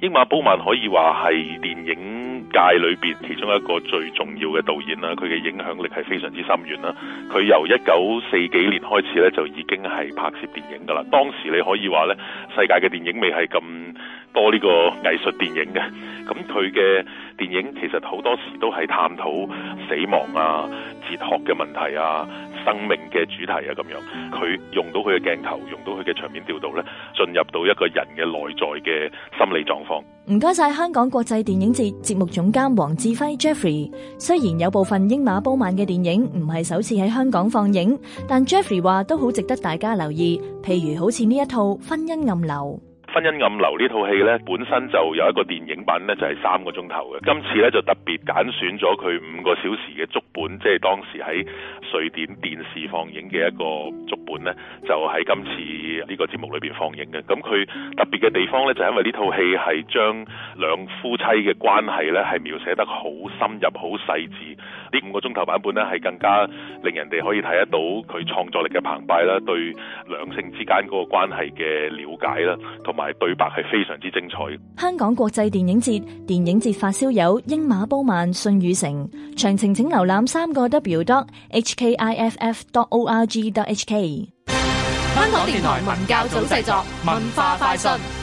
英瑪褒曼可以話係電影界裏邊其中一個最重要嘅導演啦，佢嘅影響力係非常之深遠啦。佢由一九四幾年開始咧，就已經係拍攝電影㗎啦。當時你可以話咧，世界嘅電影未係咁多呢個藝術電影嘅，咁佢嘅電影其實好多時都係探討死亡啊、哲學嘅問題啊、生命嘅主題啊咁樣，佢用到佢嘅鏡頭，用到佢嘅場面調度咧，進入到一個人嘅內在嘅心理狀況。唔該晒，香港國際電影節節目總監黃志輝 Jeffrey。雖然有部分英瑪褒曼嘅電影唔係首次喺香港放映，但 Jeffrey 話都好值得大家留意，譬如好似呢一套《婚姻暗流》。《婚姻暗流》呢套戲咧，本身就有一個電影版咧，就係三個鐘頭嘅。今次咧就特別揀選咗佢五個小時嘅足本，即係當時喺瑞典電視放映嘅一個足本咧，就喺今次呢個節目裏邊放映嘅。咁佢特別嘅地方咧，就因為呢套戲係將兩夫妻嘅關係咧，係描寫得好深入、好細緻。呢五個鐘頭版本咧，係更加令人哋可以睇得到佢創作力嘅澎湃啦，對兩性之間嗰個關係嘅了解啦，同埋。對白係非常之精彩。香港國際電影節電影節發燒友英馬褒曼信宇成，詳情請瀏覽三個 W dot HKIFF dot org dot HK。香港電台文教組製作文化快訊。